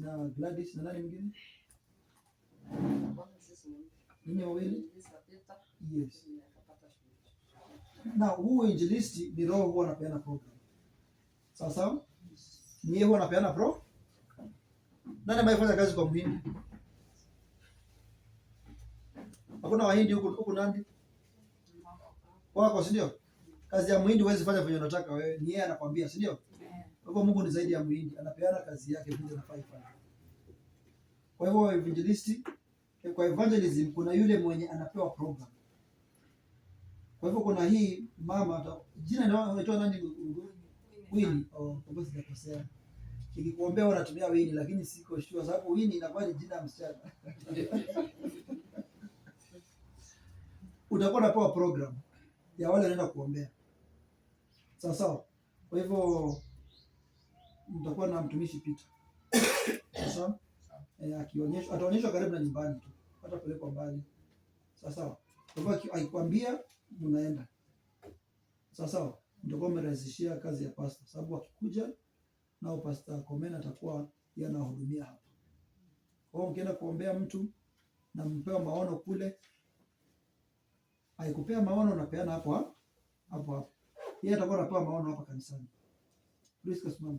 na Gladys na nani mwingine? Ninyi wawili? Yes. Na huu injilisti ni roho huwa anapeana program. Sawa sawa? Ni yeye huwa anapeana pro. Nani ambaye anafanya kazi kwa Mhindi? Hakuna Wahindi huku huku Nandi? Wako si ndio? Kazi ya Mhindi huwezi fanya venye unataka wewe. Ni yeye anakwambia, si ndio? Kwa hivyo Mungu ni zaidi ya mwingi, anapeana kazi yake vile anafaa ifanyike. Kwa hivyo evangelisti, kwa evangelism kuna yule mwenye anapewa program. Kwa hivyo kuna hii mama jina ndio anaitwa nani? Wini. Oh, kwa sijakosea. Nikikuombea unatumia Wini lakini siko sure sababu Wini inakuwa ni jina msichana. Utakuwa unapewa program ya wale wanaenda kuombea. Sawa sawa. Kwa hivyo mtakuwa na mtumishi Peter. Sasa eh, akionyeshwa ataonyeshwa karibu na nyumbani tu, hata pelekwa mbali. Sawa Kwa hivyo akikwambia mnaenda. Sawa ndio Mtakuwa mmerahisishia kazi ya pasta, sababu akikuja nao pasta Komena atakuwa yanawahudumia hapa. Kwa hiyo ukienda kuombea mtu na mpewa maono kule, aikupea maono napeana hapo hapo hapo, yeye atakuwa anapewa maono hapa kanisani. Please simama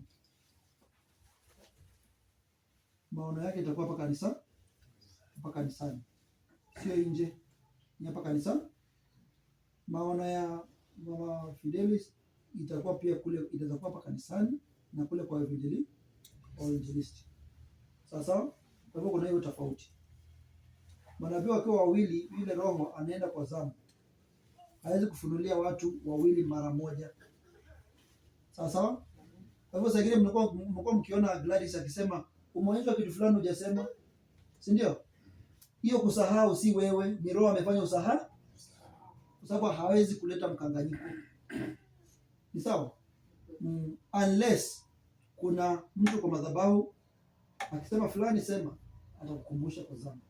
maono yake itakuwa hapa kanisa, hapa kanisani, sio nje, ni hapa kanisa. Maono ya mama Fidelis itakuwa pia kule, itakuwa hapa kanisani na kule kwa evangelist. Sasa kwa hivyo kuna hiyo tofauti. Manabii wakiwa wawili, yule roho anaenda kwa zamu, hawezi kufunulia watu wawili mara moja. Sawa sawa. Kwa hivyo mnakuwa mkiona Gladys akisema umeonyeshwa kitu fulani hujasema, si ndio? Hiyo kusahau si wewe, ni Roho amefanya usahau, kwa sababu hawezi kuleta mkanganyiko. Ni sawa mm, unless kuna mtu kwa madhabahu akisema fulani sema, atakukumbusha kwa zamu,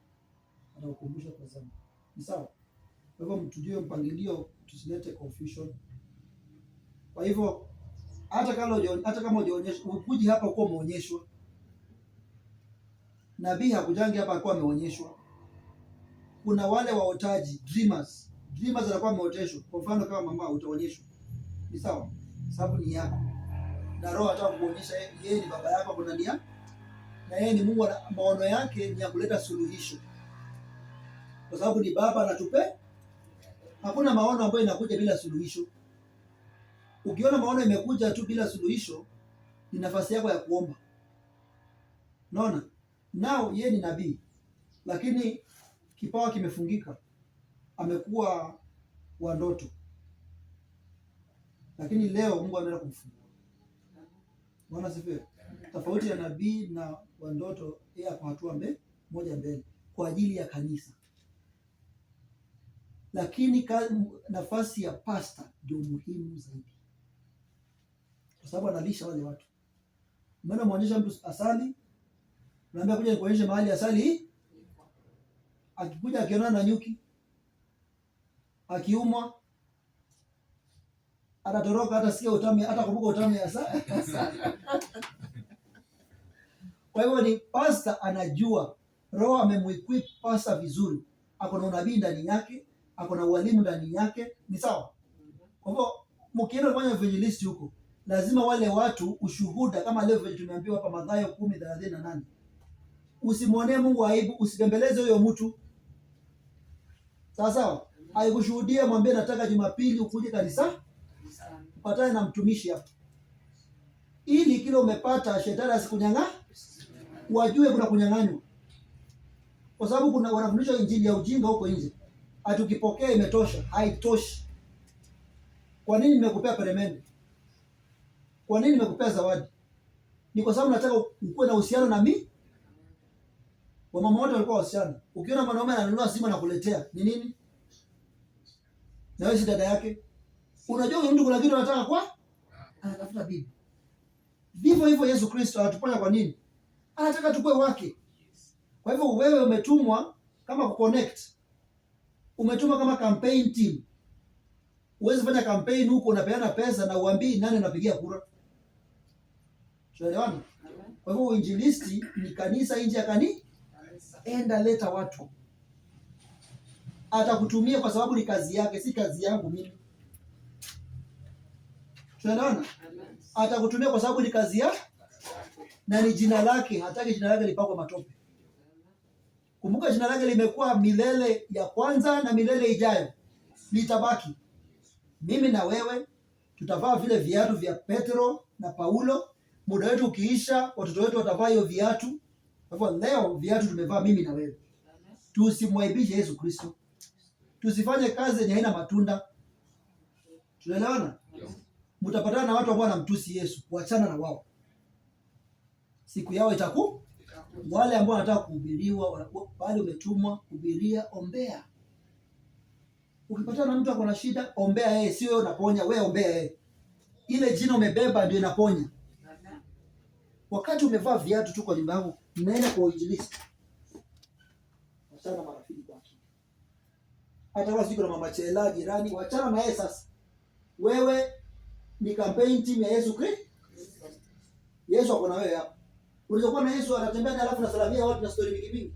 atakukumbusha kwa zamu. Ni sawa. Kwa hivyo mtujue mpangilio, tusilete confusion. Kwa hivyo hata kama hujaonyeshwa, ukuji hapa kuwa umeonyeshwa nabii hakujangi hapa, alikuwa ameonyeshwa. Kuna wale waotaji dreamers, dreamers anakuwa ameoteshwa. Kwa mfano kama mama, utaonyeshwa ni sawa, sababu ni yako, na roho ataka kuonyesha yeye ni baba yako, kuna nia na yeye ni Mungu, maono yake ni ya kuleta suluhisho, kwa sababu ni baba anatupe. Hakuna maono ambayo inakuja bila suluhisho. Ukiona maono imekuja tu bila suluhisho, ni nafasi yako ya kuomba. Unaona? nao ye ni nabii, lakini kipawa kimefungika, amekuwa wa ndoto, lakini leo Mungu anaenda kumfungua. Bwana asifiwe. Tofauti ya nabii na wa ndoto, yeye ako hatua mbe, moja mbele kwa ajili ya kanisa, lakini nafasi ya pasta ndio muhimu zaidi, kwa sababu analisha wale watu. Maana muonyesha mtu asali Naambia kuja nikuonyeshe mahali asali. Akikuja akionana na nyuki, akiumwa, atatoroka, hata atasikia utamu, kumbuka utamu ya asali. Kwa hivyo ni pasta anajua, Roho amemwequip pasta vizuri, ako na unabii ndani yake, ako na ualimu ndani yake, ni sawa. Kwa hivyo mkienda kufanya evangelist huko, lazima wale watu ushuhuda, kama leo tumeambiwa hapa Mathayo 10:38 usimwonee Mungu aibu, usitembeleze huyo mtu sawa sawa. Aikushuhudie, mwambie nataka Jumapili ukuje kanisa upatane na mtumishi hapo, ili kile umepata shetani asikunyang'a, wajue kuna kunyang'anywa, kwa sababu kuna wanafundisha injili ya ujinga huko nje, atukipokea imetosha. Haitoshi. Kwa nini nimekupea peremende? Kwa nini nimekupea zawadi? Ni kwa sababu nataka ukuwe na uhusiano na mimi Wamama wote walikuwa wasichana. Ukiona mwanaume ananunua simu na kuletea, ni nini? Na wewe si dada yake? Unajua huyu mtu kuna kitu anataka kwa? Anatafuta bibi. Vivyo hivyo Yesu Kristo anatuponya kwa nini? Anataka tukue wake. Kwa hivyo wewe umetumwa kama kuconnect. Umetumwa kama campaign team. Uweze fanya campaign huko unapeana pesa na uambii nani unapigia kura. Tunaelewana? Kwa hivyo uinjilisti ni kanisa nje ya kanisa enda leta watu, atakutumia kwa sababu ni kazi yake, si kazi yangu mimi. Tunaona atakutumia kwa sababu ni kazi ya na ni jina lake, hataki jina lake lipakwe matope. Kumbuka jina lake limekuwa milele ya kwanza na milele ijayo litabaki. Mimi na wewe tutavaa vile viatu vya Petro na Paulo. Muda wetu ukiisha, watoto wetu watavaa hiyo viatu. Kwa leo viatu tumevaa mimi na wewe. Tusimwaibishe Yesu Kristo. Tusifanye kazi yenye haina matunda. Tunaelewana? Mtapatana na watu ambao wanamtusi Yesu, wachana na wao. Siku yao itaku wale ambao wanataka kuhubiriwa, bali umetumwa kuhubiria, ombea. Ukipatana na mtu ako na shida, ombea yeye, sio unaponya wewe, ombea yeye. Ile jina umebeba ndio inaponya. Wakati umevaa viatu tu kwa nyumba yako mnaenda kwa uinjilisti, wachana marafiki kwa akili. Hata kama siko na mama Chela jirani, wachana na yeye sasa. Wewe ni campaign team ya Yesu Kristo. Yesu ako na wewe hapa. Ulizokuwa na Yesu anatembea na alafu nasalamia watu na story mingi mingi.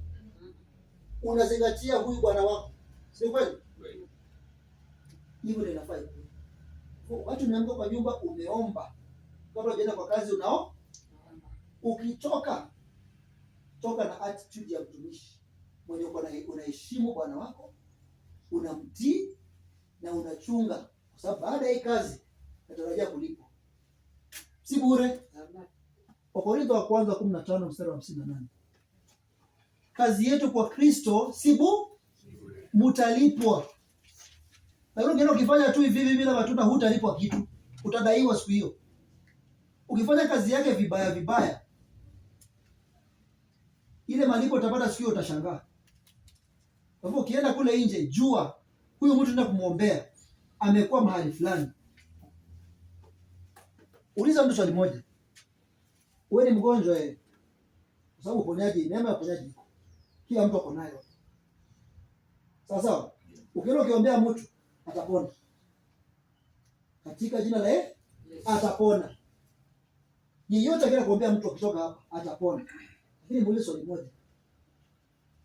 Unazingatia huyu bwana wako. Si kweli? Hivyo ndio inafaa. Watu mnaamka kwa nyumba umeomba. Kabla hujaenda kwa kazi unao ukitoka toka na attitude ya mtumishi mwenye unaheshimu bwana wako, unamtii na unachunga, kwa sababu baada ya hii kazi natarajia kulipwa, si bure. Wakorintho wa kwanza 15 mstari wa 58. Kazi yetu kwa Kristo si bu mutalipwa. Lakini ukifanya tu hivi bila matunda, hutalipwa kitu, utadaiwa siku hiyo. Ukifanya kazi yake vibaya vibaya ile malipo utapata sikio, utashangaa. Kwa hivyo ukienda kule nje, jua huyu mtu nenda kumwombea, amekuwa mahali fulani. Uliza mtu swali moja, wewe ni mgonjwa eh? Kwa sababu uponyaji, neema ya uponyaji iko kila mtu ako nayo, sawa sawa. Ukienda ukiombea mtu atapona katika jina la eh? Yesu, atapona. Yeyote akienda kuombea mtu akitoka hapa atapona. Lakini muulize swali moja,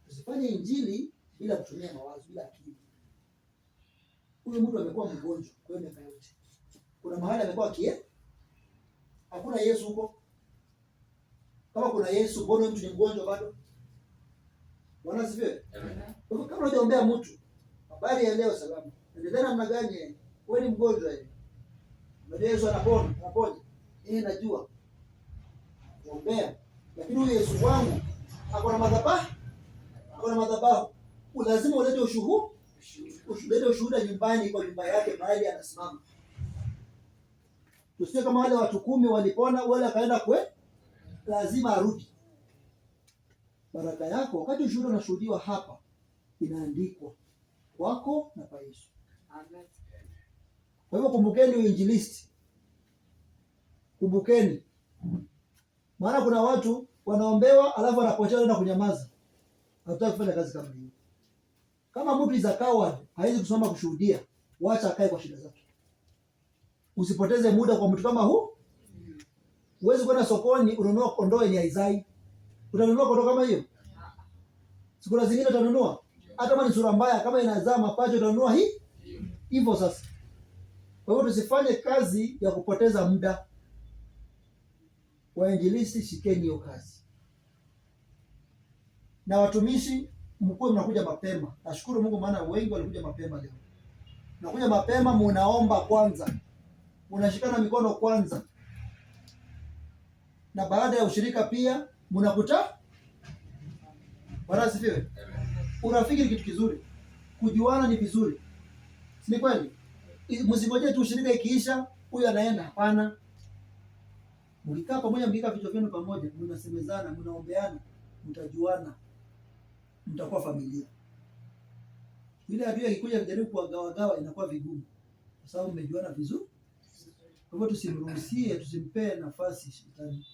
usifanye injili bila kutumia mawazo, bila akili. Huyu mtu amekuwa mgonjwa kwa miaka yote, kuna mahali amekuwa kie, hakuna Yesu huko. Kama kuna Yesu, mbona mtu ni mgonjwa bado? Bwana asifiwe. Kama unaombea mtu habari ya leo salama, endelea namna gani? Wewe ni mgonjwa hivi, Yesu anapona, anapona. Yeye najua kuombea lakini huyu Yesu wangu akona madhabahu, akona madhabahu. Lazima ulete ushuhuda, ushuhuda nyumbani, kwa nyumba yake, mahali anasimama. Tusiwe kama wale watu kumi walipona, wale akaenda kwe, lazima arudi. Baraka yako wakati ushuhuda unashuhudiwa hapa, inaandikwa kwako na kwa Yesu. Kwa hivyo kumbukeni uinjilisti, kumbukeni maana kuna watu wanaombewa alafu wanapotea wanaenda kunyamaza. Hatutaki kufanya kazi kama hiyo. Kama mtu is a coward, hawezi kusimama kushuhudia, wacha akae kwa shida zake. Usipoteze muda kwa mtu kama huu. Uwezi kwenda sokoni ununua kondoo yenye haizai. Utanunua kondoo kama hiyo? Siku la zingine utanunua. Hata kama ni sura mbaya, kama inazaa mapacho utanunua hii? Hivyo sasa. Kwa hiyo tusifanye kazi ya kupoteza muda. Wainjilisti, shikeni hiyo kazi, na watumishi mkuwe mnakuja mapema. Nashukuru Mungu, maana wengi walikuja mapema leo. Mnakuja mapema, munaomba kwanza, munashikana mikono kwanza, na baada ya ushirika pia munakuta. Bwana asifiwe. Urafiki ni kitu kizuri, kujuana ni vizuri, si kweli? Msingojee tu ushirika ikiisha huyu anaenda, hapana. Mkikaa pamoja, mkikaa vichwa vyenu pamoja, mnasemezana, mnaombeana, mtajuana, mtakuwa familia. Ile adui ikikuja kujaribu kuwagawagawa, inakuwa vigumu, kwa sababu mmejuana vizuri. Kwa hivyo, tusimruhusie, tusimpee nafasi shetani